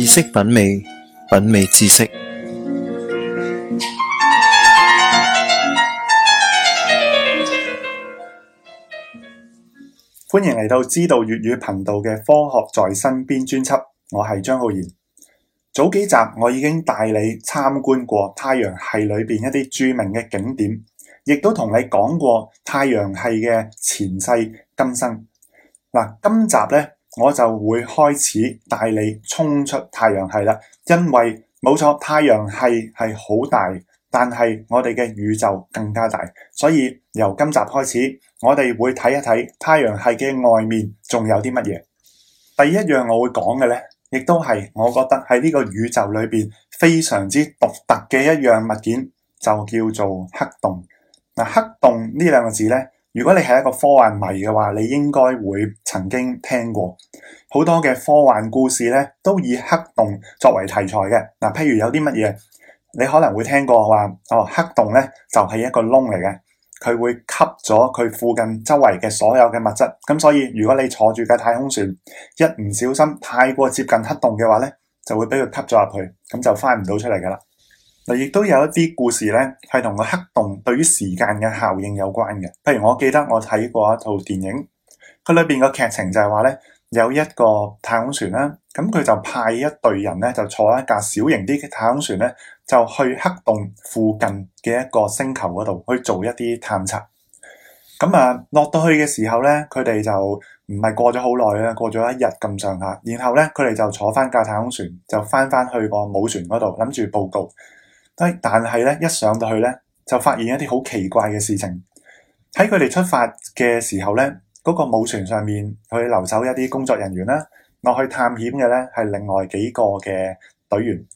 知識品味，品味知識。歡迎嚟到知道粵語頻道嘅《科學在身邊》專輯，我係張浩然。早幾集我已經帶你參觀過太陽系裏邊一啲著名嘅景點，亦都同你講過太陽系嘅前世今生。嗱，今集呢。我就會開始帶你衝出太陽系啦，因為冇錯，太陽系係好大，但係我哋嘅宇宙更加大，所以由今集開始，我哋會睇一睇太陽系嘅外面仲有啲乜嘢。第一樣我會講嘅咧，亦都係我覺得喺呢個宇宙裏邊非常之獨特嘅一樣物件，就叫做黑洞。嗱，黑洞呢兩個字咧。如果你係一個科幻迷嘅話，你應該會曾經聽過好多嘅科幻故事咧，都以黑洞作為題材嘅。嗱，譬如有啲乜嘢，你可能會聽過話，哦，黑洞咧就係一個窿嚟嘅，佢會吸咗佢附近周圍嘅所有嘅物質。咁所以，如果你坐住架太空船，一唔小心太過接近黑洞嘅話咧，就會俾佢吸咗入去，咁就翻唔到出嚟噶啦。亦都有一啲故事咧，係同個黑洞對於時間嘅效應有關嘅。譬如我記得我睇過一套電影，佢裏邊個劇情就係話咧，有一個太空船啦，咁佢就派一隊人咧，就坐一架小型啲嘅太空船咧，就去黑洞附近嘅一個星球嗰度去做一啲探測。咁啊，落到去嘅時候咧，佢哋就唔係過咗好耐啊，過咗一日咁上下，然後咧佢哋就坐翻架太空船，就翻翻去個母船嗰度，諗住報告。誒，但係咧，一上到去咧，就發現一啲好奇怪嘅事情。喺佢哋出發嘅時候咧，嗰個母船上面去留守一啲工作人員啦，落去探險嘅咧係另外幾個嘅隊員。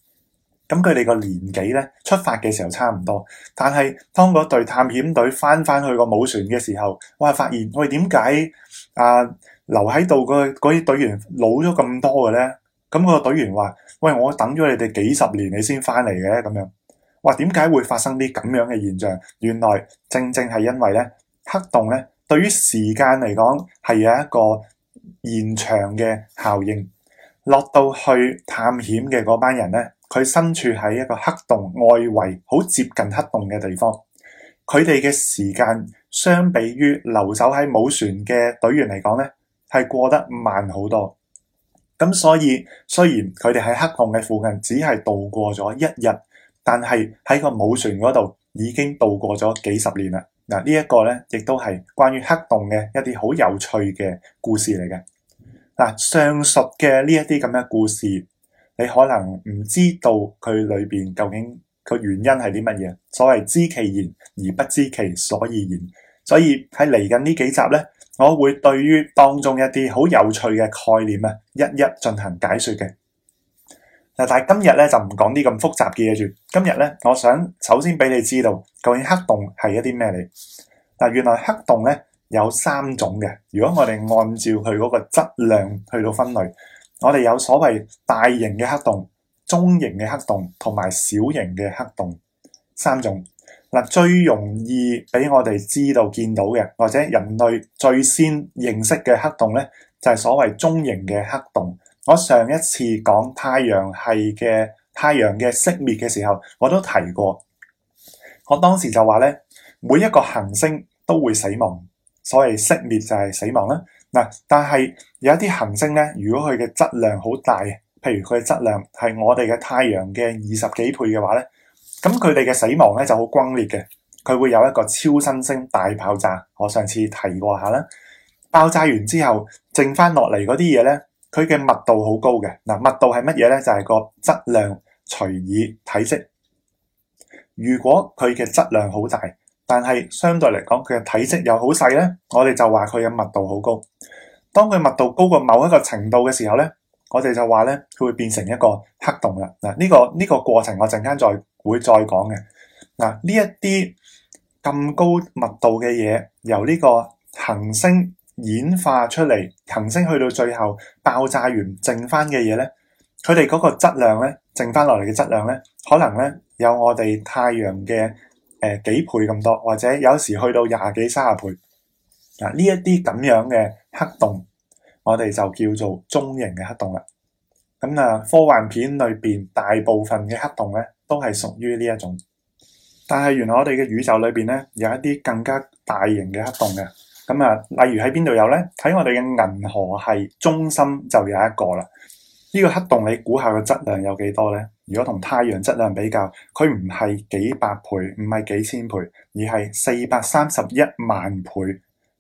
咁佢哋個年紀咧，出發嘅時候差唔多。但係當嗰隊探險隊翻翻去個母船嘅時候，哇！發現喂，點解啊留喺度個嗰啲隊員老咗咁多嘅咧？咁個隊員話：喂，我等咗你哋幾十年，你先翻嚟嘅咁樣。話點解會發生啲咁樣嘅現象？原來正正係因為咧，黑洞咧對於時間嚟講係有一個延長嘅效應。落到去探險嘅嗰班人咧，佢身處喺一個黑洞外圍，好接近黑洞嘅地方，佢哋嘅時間相比於留守喺母船嘅隊員嚟講咧，係過得慢好多。咁所以雖然佢哋喺黑洞嘅附近，只係度過咗一日。但係喺個母船嗰度已經度過咗幾十年啦。嗱、這個，呢一個咧亦都係關於黑洞嘅一啲好有趣嘅故事嚟嘅。嗱、啊，上述嘅呢一啲咁嘅故事，你可能唔知道佢裏邊究竟個原因係啲乜嘢，所謂知其然而不知其所以然。所以喺嚟緊呢幾集咧，我會對於當中一啲好有趣嘅概念啊，一一進行解說嘅。嗱，但係今日咧就唔講啲咁複雜嘅嘢住。今日咧，我想首先俾你知道究竟黑洞係一啲咩嚟。嗱，原來黑洞咧有三種嘅。如果我哋按照佢嗰個質量去到分類，我哋有所謂大型嘅黑洞、中型嘅黑洞同埋小型嘅黑洞三種。嗱，最容易俾我哋知道見到嘅，或者人類最先認識嘅黑洞咧，就係所謂中型嘅黑洞。我上一次講太陽系嘅太陽嘅熄滅嘅時候，我都提過，我當時就話咧，每一個行星都會死亡，所謂熄滅就係死亡啦。嗱，但係有一啲行星咧，如果佢嘅質量好大，譬如佢嘅質量係我哋嘅太陽嘅二十幾倍嘅話咧，咁佢哋嘅死亡咧就好轟烈嘅，佢會有一個超新星大爆炸。我上次提過下啦，爆炸完之後剩翻落嚟嗰啲嘢咧，佢嘅密度好高嘅，嗱，密度係乜嘢咧？就係個質量除以體積。如果佢嘅質量好大，但係相對嚟講佢嘅體積又好細咧，我哋就話佢嘅密度好高。當佢密度高過某一個程度嘅時候咧，我哋就話咧佢會變成一個黑洞啦。嗱，呢個呢個過程我陣間再會再講嘅。嗱，呢一啲咁高密度嘅嘢，由呢個恆星。演化出嚟，恒星去到最後爆炸完，剩翻嘅嘢咧，佢哋嗰個質量咧，剩翻落嚟嘅質量咧，可能咧有我哋太陽嘅誒、呃、幾倍咁多，或者有時去到廿幾、三十倍嗱。呢一啲咁樣嘅黑洞，我哋就叫做中型嘅黑洞啦。咁啊，科幻片裏邊大部分嘅黑洞咧，都係屬於呢一種。但係原來我哋嘅宇宙裏邊咧，有一啲更加大型嘅黑洞嘅。咁啊，例如喺邊度有咧？喺我哋嘅銀河系中心就有一個啦。呢、呢個黑洞你估下個質量有幾多咧？如果同太陽質量比較，佢唔係幾百倍，唔係幾千倍，而係四百三十一萬倍。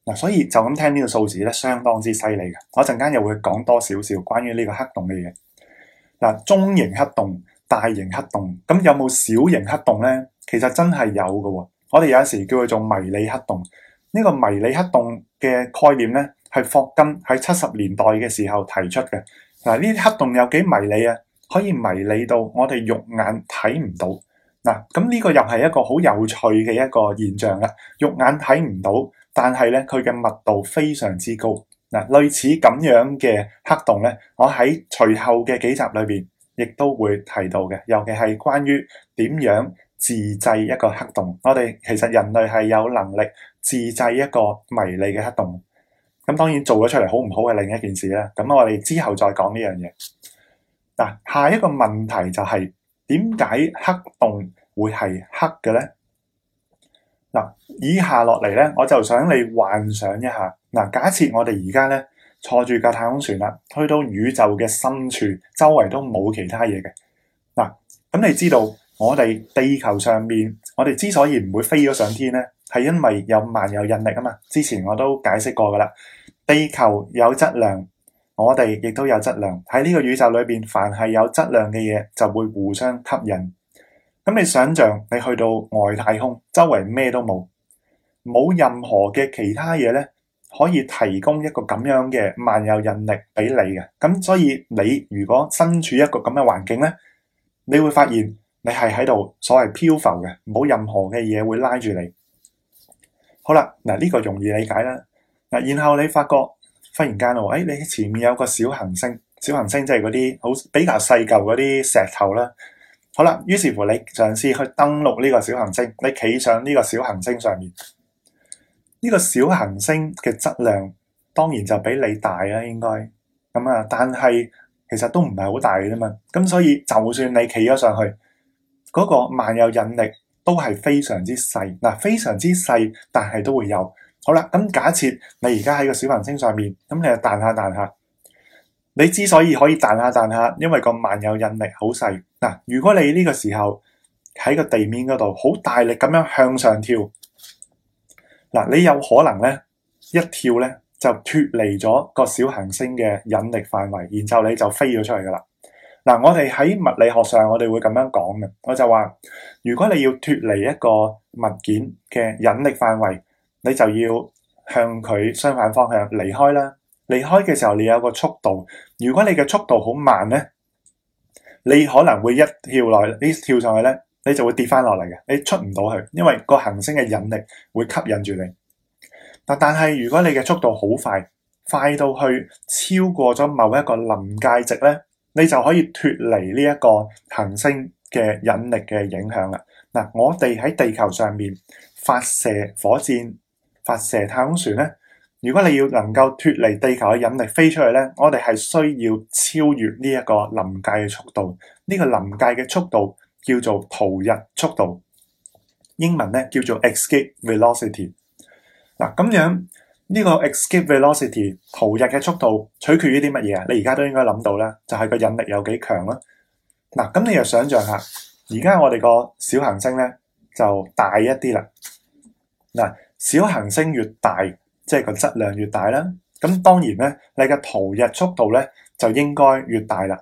嗱、啊，所以就咁聽呢個數字咧，相當之犀利嘅。我一陣間又會講多少少關於呢個黑洞嘅嘢。嗱、啊，中型黑洞、大型黑洞，咁有冇小型黑洞咧？其實真係有嘅。我哋有時叫佢做迷你黑洞。呢個迷你黑洞嘅概念呢，係霍金喺七十年代嘅時候提出嘅。嗱，呢啲黑洞有幾迷你啊？可以迷你到我哋肉眼睇唔到。嗱，咁呢個又係一個好有趣嘅一個現象啦。肉眼睇唔到，但係呢佢嘅密度非常之高。嗱，類似咁樣嘅黑洞呢，我喺隨後嘅幾集裏邊亦都會提到嘅，尤其係關於點樣自製一個黑洞。我哋其實人類係有能力。自製一個迷你嘅黑洞，咁當然做咗出嚟好唔好嘅另一件事啦。咁我哋之後再講呢樣嘢。嗱，下一個問題就係點解黑洞會係黑嘅呢？嗱，以下落嚟呢，我就想你幻想一下。嗱，假設我哋而家呢，坐住架太空船啦，去到宇宙嘅深處，周圍都冇其他嘢嘅。嗱，咁你知道我哋地球上面，我哋之所以唔會飛咗上天呢。係因為有萬有引力啊嘛！之前我都解釋過噶啦，地球有質量，我哋亦都有質量。喺呢個宇宙裏邊，凡係有質量嘅嘢就會互相吸引。咁你想象你去到外太空，周圍咩都冇，冇任何嘅其他嘢咧，可以提供一個咁樣嘅萬有引力俾你嘅。咁所以你如果身處一個咁嘅環境咧，你會發現你係喺度所謂漂浮嘅，冇任何嘅嘢會拉住你。好啦，嗱、這、呢個容易理解啦。嗱，然後你發覺忽然間喎，誒、哎，你前面有個小行星，小行星即係嗰啲好比較細舊嗰啲石頭啦。好啦，於是乎你嘗試去登陸呢個小行星，你企上呢個小行星上面，呢、這個小行星嘅質量當然就比你大啦，應該咁啊。但係其實都唔係好大嘅啫嘛。咁所以就算你企咗上去，嗰、那個萬有引力。都係非常之細，嗱，非常之細，但係都會有。好啦，咁假設你而家喺個小行星上面，咁你就彈下彈下，你之所以可以彈下彈下，因為個萬有引力好細。嗱、啊，如果你呢個時候喺個地面嗰度好大力咁樣向上跳，嗱、啊、你有可能咧一跳咧就脫離咗個小行星嘅引力範圍，然後你就飛咗出嚟噶啦。嗱，我哋喺物理學上，我哋會咁樣講嘅。我就話，如果你要脫離一個物件嘅引力範圍，你就要向佢相反方向離開啦。離開嘅時候，你有個速度。如果你嘅速度好慢咧，你可能會一跳落去，你跳上去咧，你就會跌翻落嚟嘅。你出唔到去，因為個行星嘅引力會吸引住你。但係，如果你嘅速度好快，快到去超過咗某一個臨界值咧。你就可以脫離呢一個行星嘅引力嘅影響啦。嗱，我哋喺地球上面發射火箭、發射太空船咧，如果你要能夠脫離地球嘅引力飛出去咧，我哋係需要超越呢一個臨界嘅速度。呢個臨界嘅速度叫做逃逸速度，英文咧叫做 escape velocity。嗱，咁樣。呢個 escape velocity 逃逸嘅速度取決於啲乜嘢啊？你而家都應該諗到啦，就係個引力有幾強啦。嗱，咁你又想象下，而家我哋個小行星咧就大一啲啦。嗱，小行星越大，即係個質量越大啦。咁當然咧，你嘅逃逸速度咧就應該越大啦。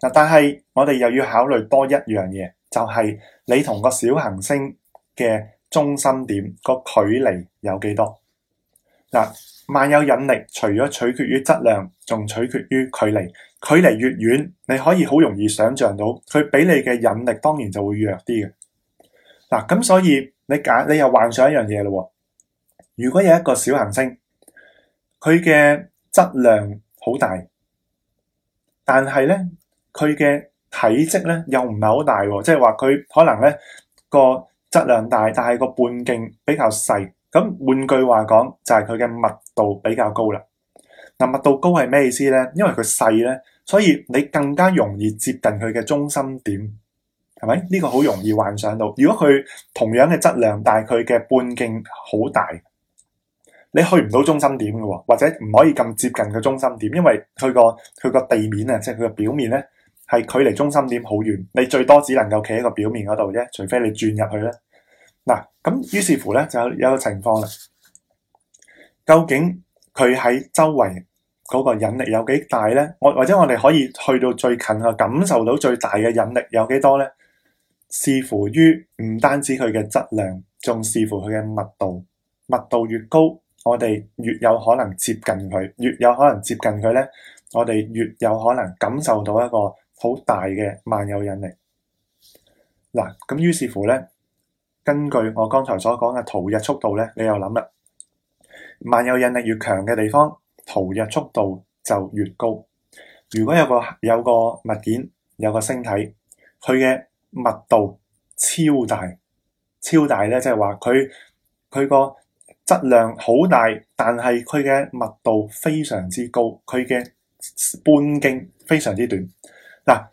嗱，但係我哋又要考慮多一樣嘢，就係你同個小行星嘅中心點個距離有幾多？嗱，萬有引力除咗取決於質量，仲取決於距離。距離越遠，你可以好容易想象到，佢俾你嘅引力當然就會弱啲嘅。嗱，咁所以你假你又幻想一樣嘢咯，如果有一個小行星，佢嘅質量好大，但係咧佢嘅體積咧又唔係好大，即係話佢可能咧個質量大，但係個半徑比較細。咁換句話講，就係佢嘅密度比較高啦。嗱、啊，密度高係咩意思咧？因為佢細咧，所以你更加容易接近佢嘅中心點，係咪？呢、這個好容易幻想到。如果佢同樣嘅質量，但係佢嘅半徑好大，你去唔到中心點嘅，或者唔可以咁接近嘅中心點，因為佢個佢個地面啊，即係佢個表面咧，係距離中心點好遠，你最多只能夠企喺個表面嗰度啫，除非你轉入去咧。嗱，咁於是乎咧，就有一個情況啦。究竟佢喺周圍嗰個引力有幾大咧？我或者我哋可以去到最近啊，感受到最大嘅引力有幾多咧？視乎於唔單止佢嘅質量，仲視乎佢嘅密度。密度越高，我哋越有可能接近佢，越有可能接近佢咧，我哋越有可能感受到一個好大嘅萬有引力。嗱，咁於是乎咧。根據我剛才所講嘅逃逸速度咧，你又諗啦，萬有引力越強嘅地方，逃逸速度就越高。如果有個有個物件，有個星體，佢嘅密度超大，超大咧，即係話佢佢個質量好大，但係佢嘅密度非常之高，佢嘅半徑非常之短。嗱，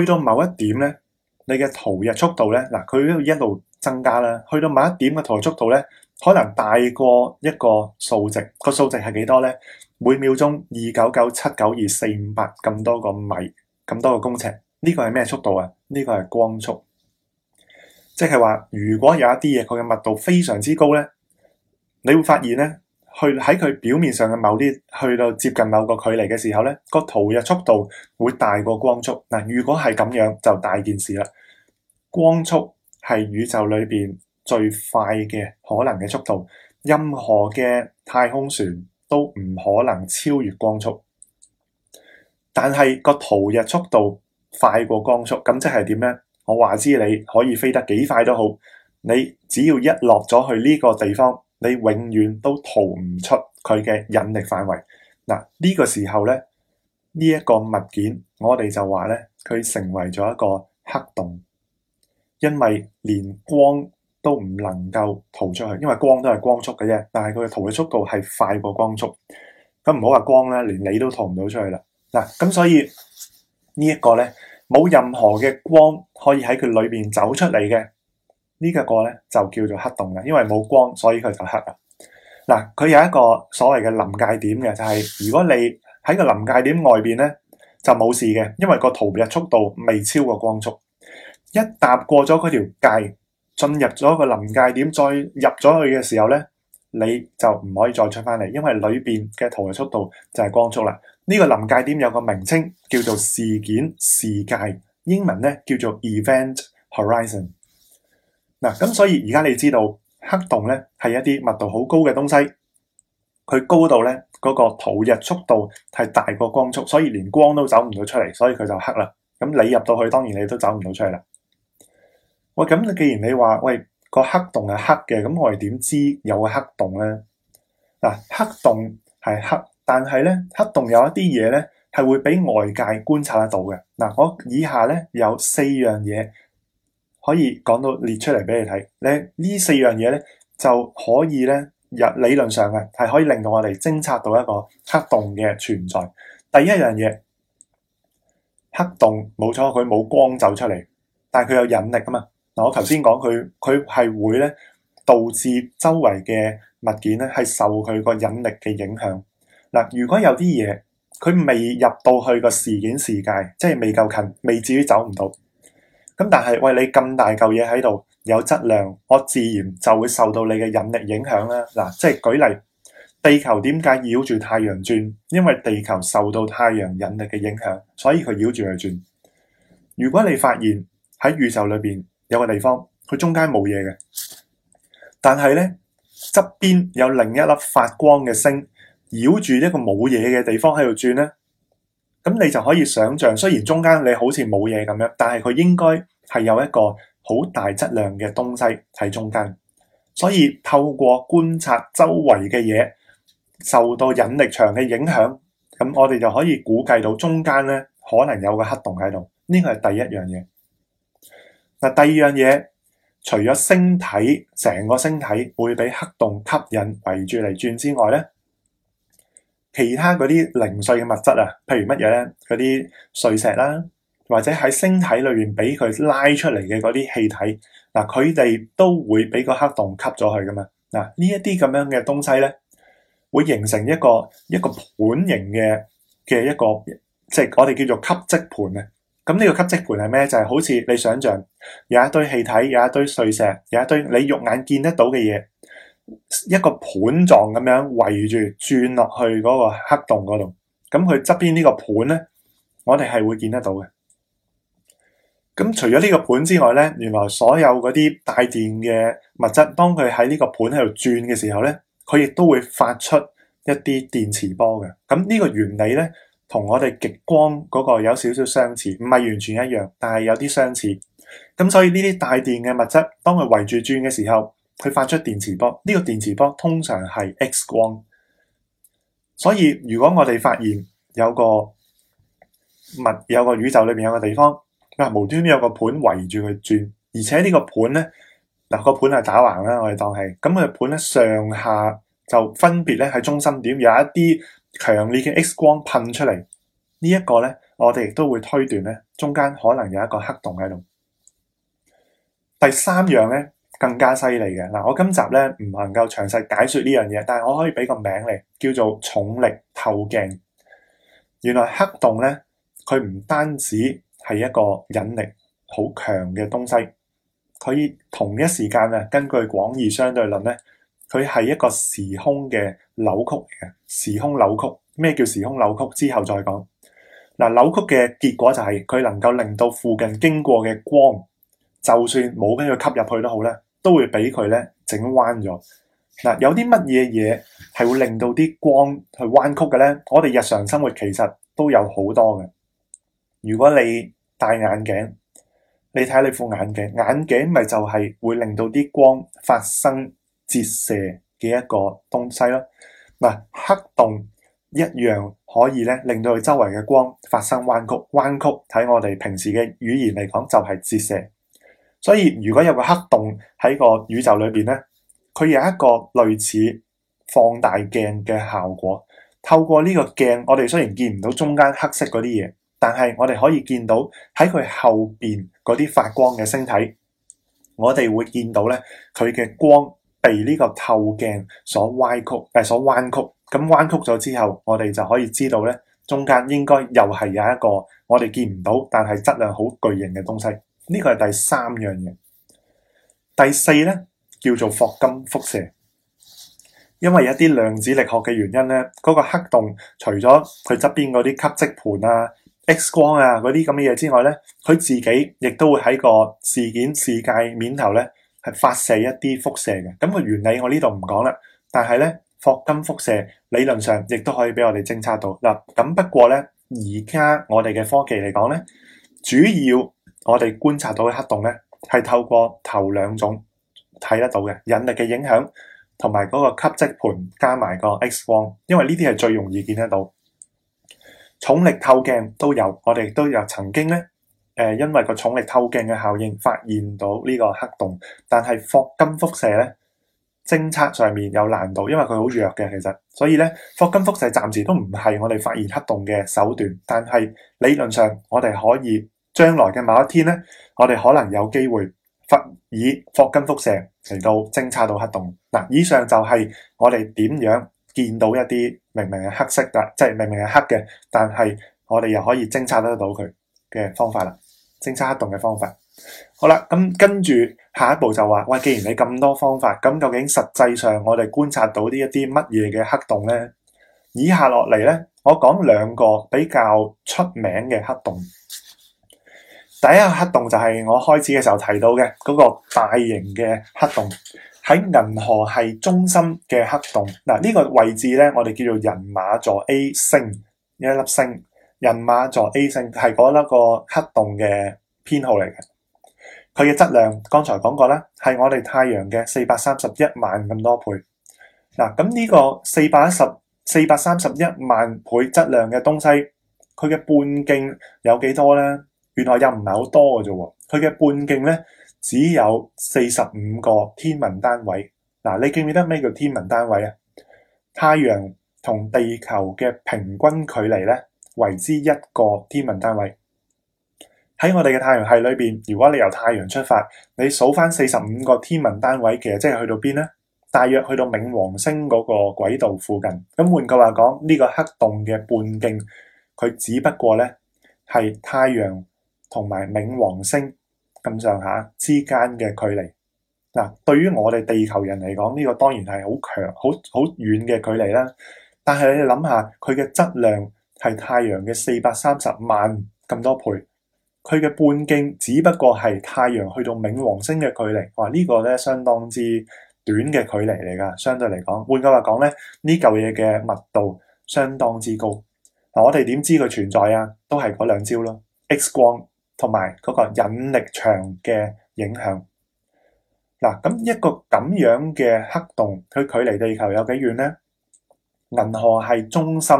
去到某一點咧，你嘅逃逸速度咧，嗱，佢一路增加啦，去到某一點嘅逃逸速度咧，可能大過一個數值。個數值係幾多咧？每秒鐘二九九七九二四五八咁多個米，咁多個公尺。呢個係咩速度啊？呢個係光速。即係話，如果有一啲嘢佢嘅密度非常之高咧，你會發現咧，去喺佢表面上嘅某啲，去到接近某個距離嘅時候咧，個逃逸嘅速度會大過光速。嗱，如果係咁樣，就大件事啦。光速係宇宙裏邊最快嘅可能嘅速度，任何嘅太空船都唔可能超越光速。但係個逃逸速度快過光速，咁即係點呢？我話知你可以飛得幾快都好，你只要一落咗去呢個地方，你永遠都逃唔出佢嘅引力範圍。嗱，呢個時候呢，呢一個物件我哋就話呢，佢成為咗一個黑洞。因為連光都唔能夠逃出去，因為光都係光速嘅啫，但係佢嘅逃嘅速度係快過光速，咁唔好話光咧，連你都逃唔到出去啦。嗱，咁所以呢一個咧，冇任何嘅光可以喺佢裏邊走出嚟嘅，呢一個咧就叫做黑洞啦，因為冇光，所以佢就黑啦。嗱，佢有一個所謂嘅臨界點嘅，就係如果你喺個臨界點外邊咧，就冇事嘅，因為個逃逸速度未超過光速。一踏過咗嗰條界，進入咗一個臨界點，再入咗去嘅時候咧，你就唔可以再出翻嚟，因為裏邊嘅逃逸速度就係光速啦。呢個臨界點有個名稱叫做事件事界，英文咧叫做 Event Horizon。嗱，咁所以而家你知道黑洞咧係一啲密度好高嘅東西，佢高度咧嗰個逃逸速度係大過光速，所以連光都走唔到出嚟，所以佢就黑啦。咁你入到去，當然你都走唔到出嚟啦。喂，咁你既然你話喂個黑洞係黑嘅，咁我哋點知有個黑洞咧？嗱、呃，黑洞係黑，但係咧黑洞有一啲嘢咧係會俾外界觀察得到嘅。嗱、呃，我以下咧有四樣嘢可以講到列出嚟俾你睇。你、呃、呢四樣嘢咧就可以咧入理論上嘅係可以令到我哋偵察到一個黑洞嘅存在。第一樣嘢，黑洞冇錯，佢冇光走出嚟，但係佢有引力噶嘛。嗱，我頭先講佢，佢係會咧導致周圍嘅物件咧係受佢個引力嘅影響。嗱，如果有啲嘢佢未入到去個事件視界，即係未夠近，未至於走唔到。咁但係喂，你咁大嚿嘢喺度有質量，我自然就會受到你嘅引力影響啦。嗱，即係舉例，地球點解繞住太陽轉？因為地球受到太陽引力嘅影響，所以佢繞住佢轉。如果你發現喺宇宙裏邊，有個地方，佢中間冇嘢嘅，但係咧側邊有另一粒發光嘅星繞住一個冇嘢嘅地方喺度轉咧。咁你就可以想象，雖然中間你好似冇嘢咁樣，但係佢應該係有一個好大質量嘅東西喺中間。所以透過觀察周圍嘅嘢受到引力場嘅影響，咁我哋就可以估計到中間咧可能有個黑洞喺度。呢個係第一樣嘢。嗱，第二樣嘢，除咗星體成個星體會俾黑洞吸引圍住嚟轉之外咧，其他嗰啲零碎嘅物質啊，譬如乜嘢咧，嗰啲碎石啦，或者喺星體裏面俾佢拉出嚟嘅嗰啲氣體，嗱、呃，佢哋都會俾個黑洞吸咗去噶嘛。嗱、呃，呢一啲咁樣嘅東西咧，會形成一個一個盤形嘅嘅一個，即、就、係、是、我哋叫做吸積盤啊。咁呢個吸積盤係咩？就係、是、好似你想象有一堆氣體、有一堆碎石、有一堆你肉眼見得到嘅嘢，一個盤狀咁樣圍住轉落去嗰個黑洞嗰度。咁佢側邊呢個盤咧，我哋係會見得到嘅。咁、嗯、除咗呢個盤之外咧，原來所有嗰啲帶電嘅物質，當佢喺呢個盤喺度轉嘅時候咧，佢亦都會發出一啲電磁波嘅。咁、嗯、呢、呢個原理咧。同我哋極光嗰個有少少相似，唔係完全一樣，但係有啲相似。咁所以呢啲帶電嘅物質，當佢圍住轉嘅時候，佢發出電磁波。呢個電磁波通常係 X 光。所以如果我哋發現有個物，有個宇宙裏邊有個地方，嗱無端端有個盤圍住佢轉，而且呢個盤呢，嗱個盤係打橫啦，我哋當係。咁佢個盤呢，上下就分別咧喺中心點有一啲強烈嘅 X 光噴出嚟，呢一個呢，我哋亦都會推斷呢，中間可能有一個黑洞喺度。第三樣呢，更加犀利嘅嗱，我今集呢，唔能夠詳細解説呢樣嘢，但係我可以俾個名嚟，叫做重力透鏡。原來黑洞呢，佢唔單止係一個引力好強嘅東西，佢同一時間咧，根據廣義相對論呢。佢係一個時空嘅扭曲嚟嘅。時空扭曲。咩叫時空扭曲？之後再講嗱。扭曲嘅結果就係、是、佢能夠令到附近經過嘅光，就算冇俾佢吸入去都好咧，都會俾佢咧整彎咗嗱。有啲乜嘢嘢係會令到啲光去彎曲嘅咧？我哋日常生活其實都有好多嘅。如果你戴眼鏡，你睇你副眼鏡，眼鏡咪就係會令到啲光發生折射嘅一個東西啦，嗱，黑洞一樣可以咧令到佢周圍嘅光發生彎曲，彎曲喺我哋平時嘅語言嚟講就係折射。所以如果有個黑洞喺個宇宙裏邊咧，佢有一個類似放大鏡嘅效果。透過呢個鏡，我哋雖然見唔到中間黑色嗰啲嘢，但係我哋可以見到喺佢後邊嗰啲發光嘅星體，我哋會見到咧佢嘅光。被呢個透鏡所歪曲，誒、呃，所彎曲。咁彎曲咗之後，我哋就可以知道咧，中間應該又係有一個我哋見唔到，但係質量好巨型嘅東西。呢個係第三樣嘢。第四咧叫做霍金輻射，因為一啲量子力學嘅原因咧，嗰、那個黑洞除咗佢側邊嗰啲吸積盤啊、X 光啊嗰啲咁嘅嘢之外咧，佢自己亦都會喺個事件視界面頭咧。係發射一啲輻射嘅，咁個原理我呢度唔講啦。但係咧，霍金輻射理論上亦都可以俾我哋偵測到嗱。咁不過咧，而家我哋嘅科技嚟講咧，主要我哋觀察到嘅黑洞咧，係透過頭兩種睇得到嘅引力嘅影響同埋嗰個吸積盤加埋個 X 光，因為呢啲係最容易見得到。重力透鏡都有，我哋都有曾經咧。誒，因為個重力透鏡嘅效應發現到呢個黑洞，但係霍金輻射咧，偵測上面有難度，因為佢好弱嘅其實，所以咧霍金輻射暫時都唔係我哋發現黑洞嘅手段。但係理論上，我哋可以將來嘅某一天咧，我哋可能有機會以霍金輻射嚟到偵測到黑洞。嗱，以上就係我哋點樣見到一啲明明係黑色，㗎即係明明係黑嘅，但係我哋又可以偵測得到佢嘅方法啦。偵測黑洞嘅方法，好啦，咁跟住下一步就話，喂，既然你咁多方法，咁究竟實際上我哋觀察到呢一啲乜嘢嘅黑洞咧？以下落嚟咧，我講兩個比較出名嘅黑洞。第一個黑洞就係我開始嘅時候提到嘅嗰個大型嘅黑洞，喺銀河系中心嘅黑洞。嗱，呢個位置咧，我哋叫做人馬座 A 星，一粒星。人馬座 A 星係嗰粒個黑洞嘅編號嚟嘅，佢嘅質量剛才講過啦，係我哋太陽嘅四百三十一萬咁多倍。嗱、啊，咁呢個四百一十、四百三十一萬倍質量嘅東西，佢嘅半徑有幾多咧？原來又唔係好多嘅啫，佢嘅半徑咧，只有四十五個天文單位。嗱、啊，你記唔記得咩叫天文單位啊？太陽同地球嘅平均距離咧？為之一個天文單位，喺我哋嘅太陽系裏邊，如果你由太陽出發，你數翻四十五個天文單位其實，即係去到邊呢？大約去到冥王星嗰個軌道附近。咁換句話講，呢個黑洞嘅半徑，佢只不過呢係太陽同埋冥王星咁上下之間嘅距離。嗱，對於我哋地球人嚟講，呢個當然係好強、好好遠嘅距離啦。但係你諗下，佢嘅質量。係太陽嘅四百三十萬咁多倍，佢嘅半徑只不過係太陽去到冥王星嘅距離。哇！這個，呢個咧相當之短嘅距離嚟噶，相對嚟講，換句話講咧，呢嚿嘢嘅密度相當之高。嗱、啊，我哋點知佢存在啊？都係嗰兩招咯，X 光同埋嗰個引力場嘅影響。嗱、啊，咁一個咁樣嘅黑洞，佢距離地球有幾遠呢？銀河系中心。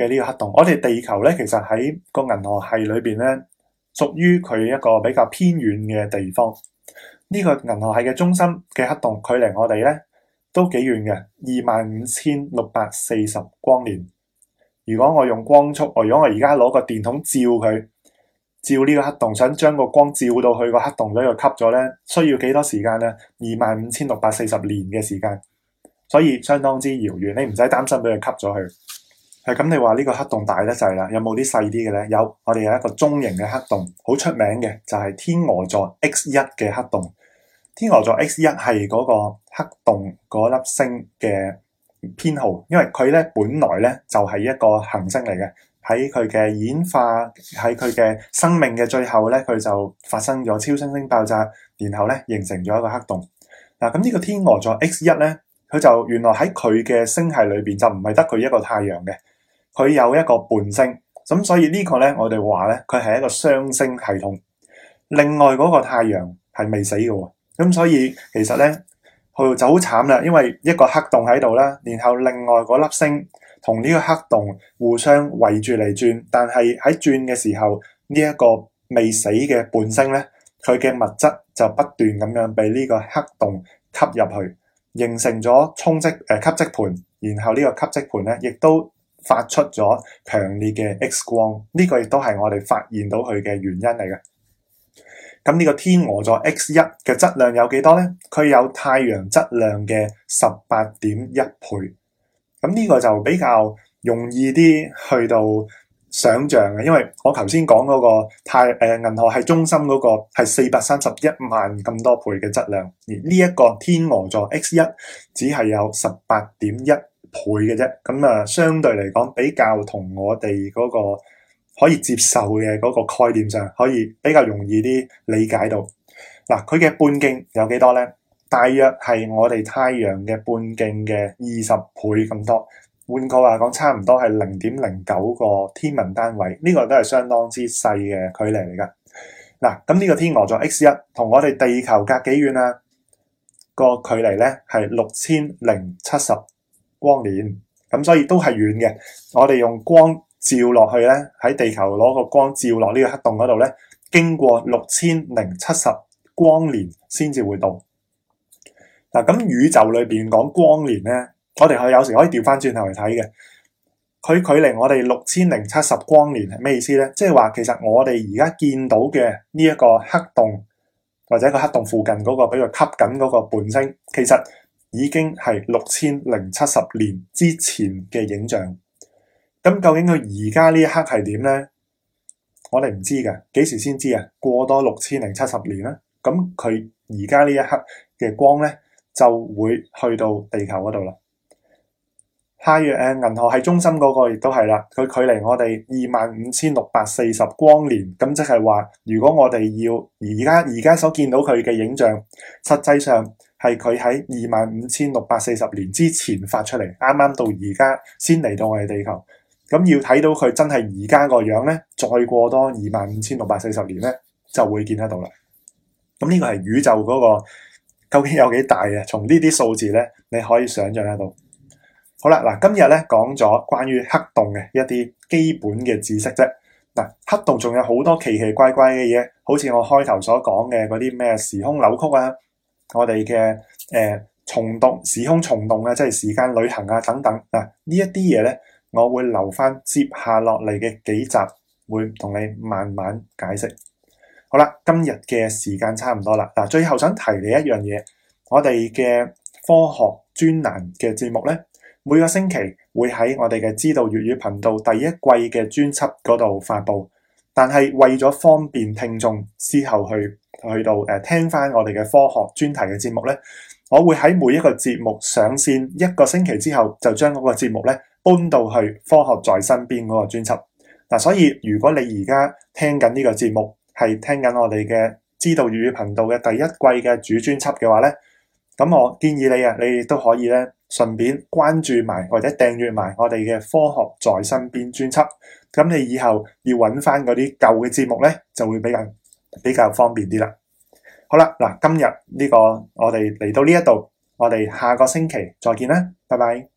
嘅呢個黑洞，我哋地球咧，其實喺個銀河系裏邊咧，屬於佢一個比較偏遠嘅地方。呢個銀河系嘅中心嘅黑洞，距離我哋咧都幾遠嘅，二萬五千六百四十光年。如果我用光速，如果我而家攞個電筒照佢，照呢個黑洞，想將個光照到去個黑洞，俾佢吸咗咧，需要幾多時間咧？二萬五千六百四十年嘅時間，所以相當之遙遠，你唔使擔心俾佢吸咗佢。係咁，你話呢個黑洞大得制啦，有冇啲細啲嘅咧？有，我哋有一個中型嘅黑洞，好出名嘅就係、是、天鵝座 X 一嘅黑洞。天鵝座 X 一係嗰個黑洞嗰粒星嘅編號，因為佢咧本來咧就係一個行星嚟嘅，喺佢嘅演化，喺佢嘅生命嘅最後咧，佢就發生咗超新星，星爆炸，然後咧形成咗一個黑洞。嗱，咁呢個天鵝座 X 一咧，佢就原來喺佢嘅星系裏邊就唔係得佢一個太陽嘅。佢有一個伴星咁，所以個呢個咧，我哋話咧，佢係一個雙星系統。另外嗰個太陽係未死嘅，咁，所以其實咧佢就好慘啦，因為一個黑洞喺度啦，然後另外嗰粒星同呢個黑洞互相圍住嚟轉，但係喺轉嘅時候，呢、這、一個未死嘅伴星咧，佢嘅物質就不斷咁樣被呢個黑洞吸入去，形成咗沖積誒、呃、吸積盤，然後呢個吸積盤咧，亦都，發出咗強烈嘅 X 光，呢、這個亦都係我哋發現到佢嘅原因嚟嘅。咁、嗯、呢、這個天鵝座 X 一嘅質量有幾多呢？佢有太陽質量嘅十八點一倍。咁、嗯、呢、這個就比較容易啲去到想像嘅，因為我頭先講嗰個太誒銀、呃、河系中心嗰、那個係四百三十一萬咁多倍嘅質量，而呢一個天鵝座 X 一只係有十八點一。倍嘅啫，咁啊、嗯、相對嚟講比較同我哋嗰個可以接受嘅嗰個概念上，可以比較容易啲理解到。嗱，佢嘅半徑有幾多呢？大約係我哋太陽嘅半徑嘅二十倍咁多。換句話講，差唔多係零點零九個天文單位。呢、個都係相當之細嘅距離嚟噶。嗱，咁、嗯、呢、個天鵝座 X 一同我哋地球隔幾遠啊？個距離呢係六千零七十。光年咁，所以都係遠嘅。我哋用光照落去咧，喺地球攞個光照落呢個黑洞嗰度咧，經過六千零七十光年先至會到。嗱、啊，咁宇宙裏邊講光年咧，我哋係有時可以調翻轉頭嚟睇嘅。佢距離我哋六千零七十光年係咩意思咧？即係話其實我哋而家見到嘅呢一個黑洞或者個黑洞附近嗰、嗰個，畀佢吸緊嗰個伴星，其實。已經係六千零七十年之前嘅影像，咁究竟佢而家呢一刻係點呢？我哋唔知嘅，幾時先知啊？過多六千零七十年啦，咁佢而家呢一刻嘅光呢，就會去到地球嗰度啦。下月誒，銀河系中心嗰個亦都係啦，佢距離我哋二萬五千六百四十光年，咁即係話，如果我哋要而家而家所見到佢嘅影像，實際上。係佢喺二萬五千六百四十年之前發出嚟，啱啱到而家先嚟到我哋地球。咁要睇到佢真係而家個樣咧，再過多二萬五千六百四十年咧，就會見得到啦。咁呢個係宇宙嗰個究竟有幾大啊？從呢啲數字咧，你可以想象得到。好啦，嗱，今日咧，講咗關於黑洞嘅一啲基本嘅知識啫。嗱，黑洞仲有好多奇奇怪怪嘅嘢，好似我開頭所講嘅嗰啲咩時空扭曲啊。我哋嘅誒蟲洞、時空蟲洞啊，即係時間旅行啊，等等。嗱，呢一啲嘢咧，我會留翻接下落嚟嘅幾集，會同你慢慢解釋。好啦，今日嘅時間差唔多啦。嗱，最後想提你一樣嘢，我哋嘅科學專欄嘅節目咧，每個星期會喺我哋嘅知道粵語頻道第一季嘅專輯嗰度發佈，但係為咗方便聽眾之後去，去到誒、啊、聽翻我哋嘅科學專題嘅節目咧，我會喺每一個節目上線一個星期之後，就將嗰個節目咧搬到去《科學在身邊》嗰個專輯。嗱、啊，所以如果你而家聽緊呢個節目，係聽緊我哋嘅知道粵語頻道嘅第一季嘅主專輯嘅話咧，咁我建議你啊，你亦都可以咧順便關注埋或者訂閱埋我哋嘅《科學在身邊》專輯。咁你以後要揾翻嗰啲舊嘅節目咧，就會比較比較方便啲啦。好啦，嗱，今日呢個我哋嚟到呢一度，我哋下個星期再見啦，拜拜。